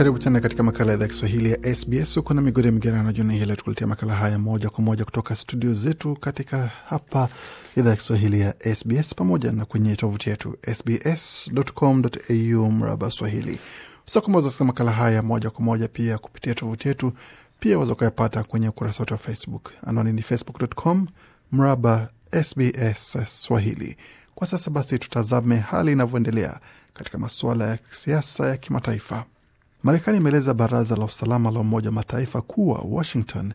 Karibu tena katika makala ya idhaa Kiswahili ya SBS. Uko na migodi migerano jioni hii, leo tukuletea makala haya moja kwa moja kutoka studio zetu katika hapa idhaa ya Kiswahili ya SBS pamoja na kwenye tovuti yetu sbs.com.au mraba Swahili. Usakumbaza makala haya moja kwa moja pia kupitia tovuti yetu, pia waweza kuyapata kwenye ukurasa wetu wa Facebook. Anwani ni facebook.com mraba SBS Swahili. Kwa sasa basi, tutazame hali inavyoendelea katika masuala ya siasa ya kimataifa. Marekani imeeleza baraza la usalama la Umoja wa Mataifa kuwa Washington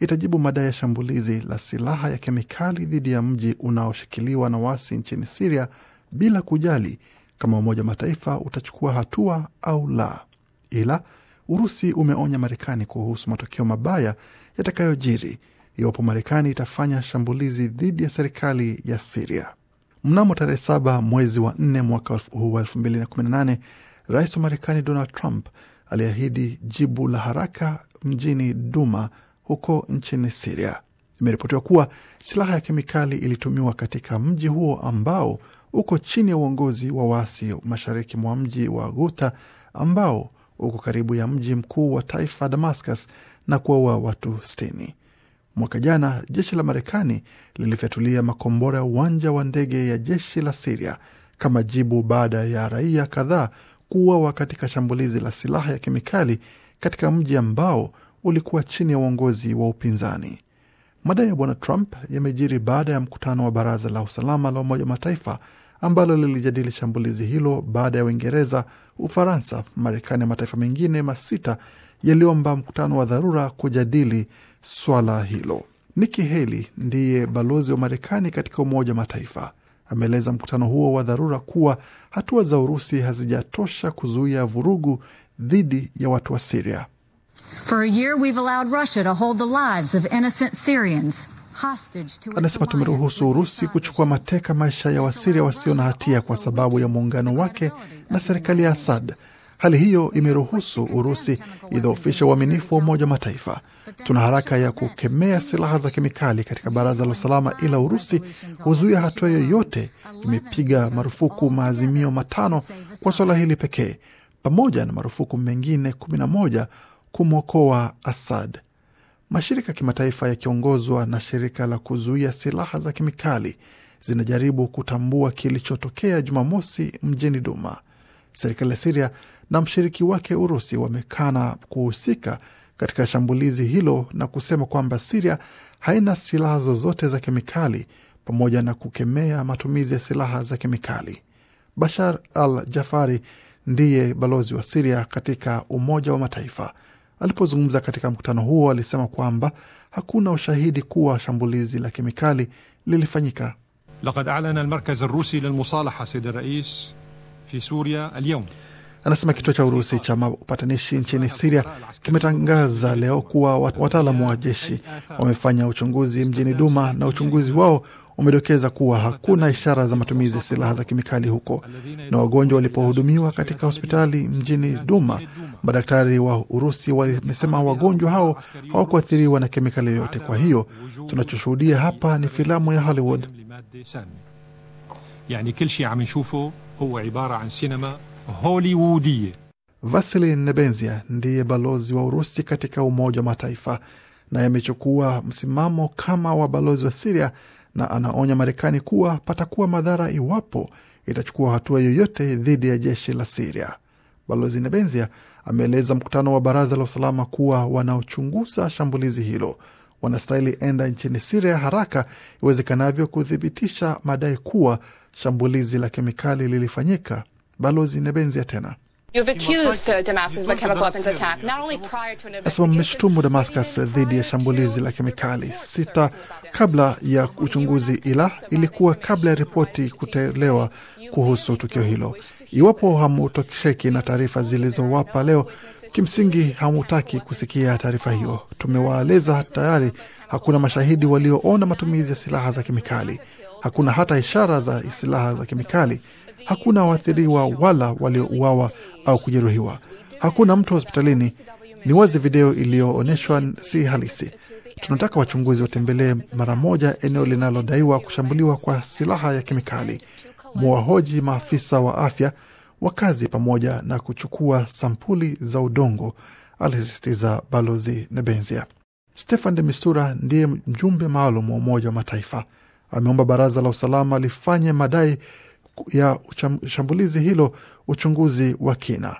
itajibu madai ya shambulizi la silaha ya kemikali dhidi ya mji unaoshikiliwa na wasi nchini Siria bila kujali kama Umoja wa Mataifa utachukua hatua au la. Ila Urusi umeonya Marekani kuhusu matokeo mabaya yatakayojiri iwapo Marekani itafanya shambulizi dhidi ya serikali ya Siria. Mnamo tarehe saba mwezi wa nne mwaka huu wa elfu mbili na kumi na nane, rais wa Marekani Donald Trump aliahidi jibu la haraka mjini Duma huko nchini Siria. Imeripotiwa kuwa silaha ya kemikali ilitumiwa katika mji huo ambao uko chini ya uongozi wa waasi mashariki mwa mji wa Guta ambao uko karibu ya mji mkuu wa taifa Damascus na kuwaua watu sitini. Mwaka jana jeshi la Marekani lilifyatulia makombora ya uwanja wa ndege ya jeshi la Siria kama jibu baada ya raia kadhaa kuuawa katika shambulizi la silaha ya kemikali katika mji ambao ulikuwa chini ya uongozi wa upinzani. Madai ya bwana Trump yamejiri baada ya mkutano wa baraza la usalama la Umoja wa Mataifa ambalo lilijadili shambulizi hilo baada ya Uingereza, Ufaransa, Marekani na mataifa mengine masita yaliomba mkutano wa dharura kujadili swala hilo. Nikki Haley ndiye balozi wa Marekani katika Umoja wa Mataifa. Ameeleza mkutano huo wa dharura kuwa hatua za Urusi hazijatosha kuzuia vurugu dhidi ya watu wa Siria. Anasema tumeruhusu Urusi kuchukua mateka maisha ya Wasiria wasio na hatia kwa sababu ya muungano wake na serikali ya Asad Hali hiyo imeruhusu Urusi idhoofisha uaminifu wa Umoja wa Mataifa. Tuna haraka ya kukemea silaha za kemikali katika Baraza la Usalama, ila Urusi huzuia hatua yoyote. Imepiga marufuku maazimio matano kwa suala hili pekee, pamoja na marufuku mengine 11 kumwokoa Assad. Mashirika ya kimataifa yakiongozwa na shirika la kuzuia silaha za kemikali zinajaribu kutambua kilichotokea Jumamosi mjini Duma. Serikali ya Siria na mshiriki wake Urusi wamekana kuhusika katika shambulizi hilo na kusema kwamba Siria haina silaha zozote za kemikali pamoja na kukemea matumizi ya silaha za kemikali. Bashar al Jafari ndiye balozi wa Siria katika Umoja wa Mataifa. Alipozungumza katika mkutano huo, alisema kwamba hakuna ushahidi kuwa shambulizi la kemikali lilifanyika. lakad alana almarkaz lilmusalaha sayyid fi Suria alyaum. Anasema kituo cha Urusi cha upatanishi nchini Siria kimetangaza leo kuwa wataalamu wa jeshi wamefanya uchunguzi mjini Duma, na uchunguzi wao umedokeza kuwa hakuna ishara za matumizi ya silaha za kemikali huko. Na wagonjwa walipohudumiwa katika hospitali mjini Duma, madaktari wa Urusi wamesema wagonjwa hao hawakuathiriwa na kemikali yoyote. Kwa hiyo tunachoshuhudia hapa ni filamu ya Hollywood. يعني كل شيء عم نشوفه هو عبارة عن سينما هوليوودية Vasily Nebenzia ndiye balozi wa Urusi katika Umoja wa Mataifa na yamechukua msimamo kama wa balozi wa Siria na anaonya Marekani kuwa patakuwa madhara iwapo itachukua hatua yoyote dhidi ya jeshi la Siria. Balozi Nebenzia ameeleza mkutano wa Baraza la Usalama kuwa wanaochunguza shambulizi hilo wanastahili enda nchini Siria haraka iwezekanavyo kuthibitisha madai kuwa shambulizi la kemikali lilifanyika. Balozi Nebenzia tena Uh, Asema mmeshutumu Damascus dhidi ya shambulizi la kemikali sita kabla ya uchunguzi, ila ilikuwa kabla ya ripoti kutolewa kuhusu tukio hilo. Iwapo hamutosheki na taarifa zilizowapa leo, kimsingi hamutaki kusikia taarifa hiyo. Tumewaeleza tayari, hakuna mashahidi walioona matumizi ya silaha za kemikali, hakuna hata ishara za silaha za kemikali, hakuna waathiriwa wala waliouawa au kujeruhiwa. Hakuna mtu hospitalini. Ni wazi video iliyoonyeshwa si halisi. Tunataka wachunguzi watembelee mara moja eneo linalodaiwa kushambuliwa kwa silaha ya kemikali, mwahoji maafisa wa afya, wakazi, pamoja na kuchukua sampuli za udongo, alisisitiza Balozi Nebenzia. Stefan de Mistura ndiye mjumbe maalum wa Umoja wa Mataifa. Ameomba baraza la usalama lifanye madai ya shambulizi hilo uchunguzi wa kina.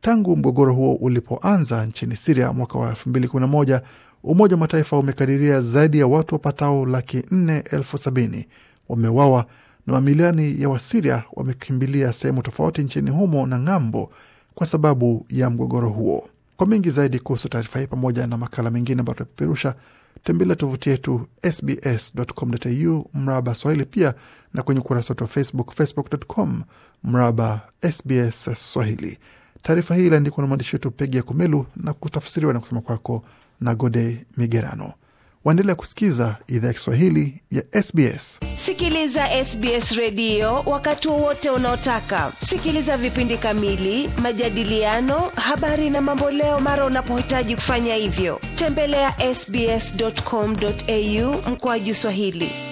Tangu mgogoro huo ulipoanza nchini Siria mwaka wa 2011 Umoja wa Mataifa umekadiria zaidi ya watu wapatao laki nne elfu sabini wamewawa na mamilioni ya Wasiria wamekimbilia sehemu tofauti nchini humo na ng'ambo kwa sababu ya mgogoro huo. Kwa mengi zaidi kuhusu taarifa hii pamoja na makala mengine ambayo tunapeperusha, tembelea tovuti yetu sbs.com.au mraba Swahili, pia na kwenye ukurasa wetu wa Facebook, facebook.com mraba SBS Swahili. Taarifa hii iliandikwa na mwandishi wetu Pegi ya Kumelu na kutafsiriwa na kusoma kwako na Gode Migerano waendelea kusikiza idhaa ya Kiswahili ya SBS. Sikiliza SBS redio wakati wowote unaotaka. Sikiliza vipindi kamili, majadiliano, habari na mamboleo mara unapohitaji kufanya hivyo. Tembelea ya sbs.com.au mkoaji Swahili.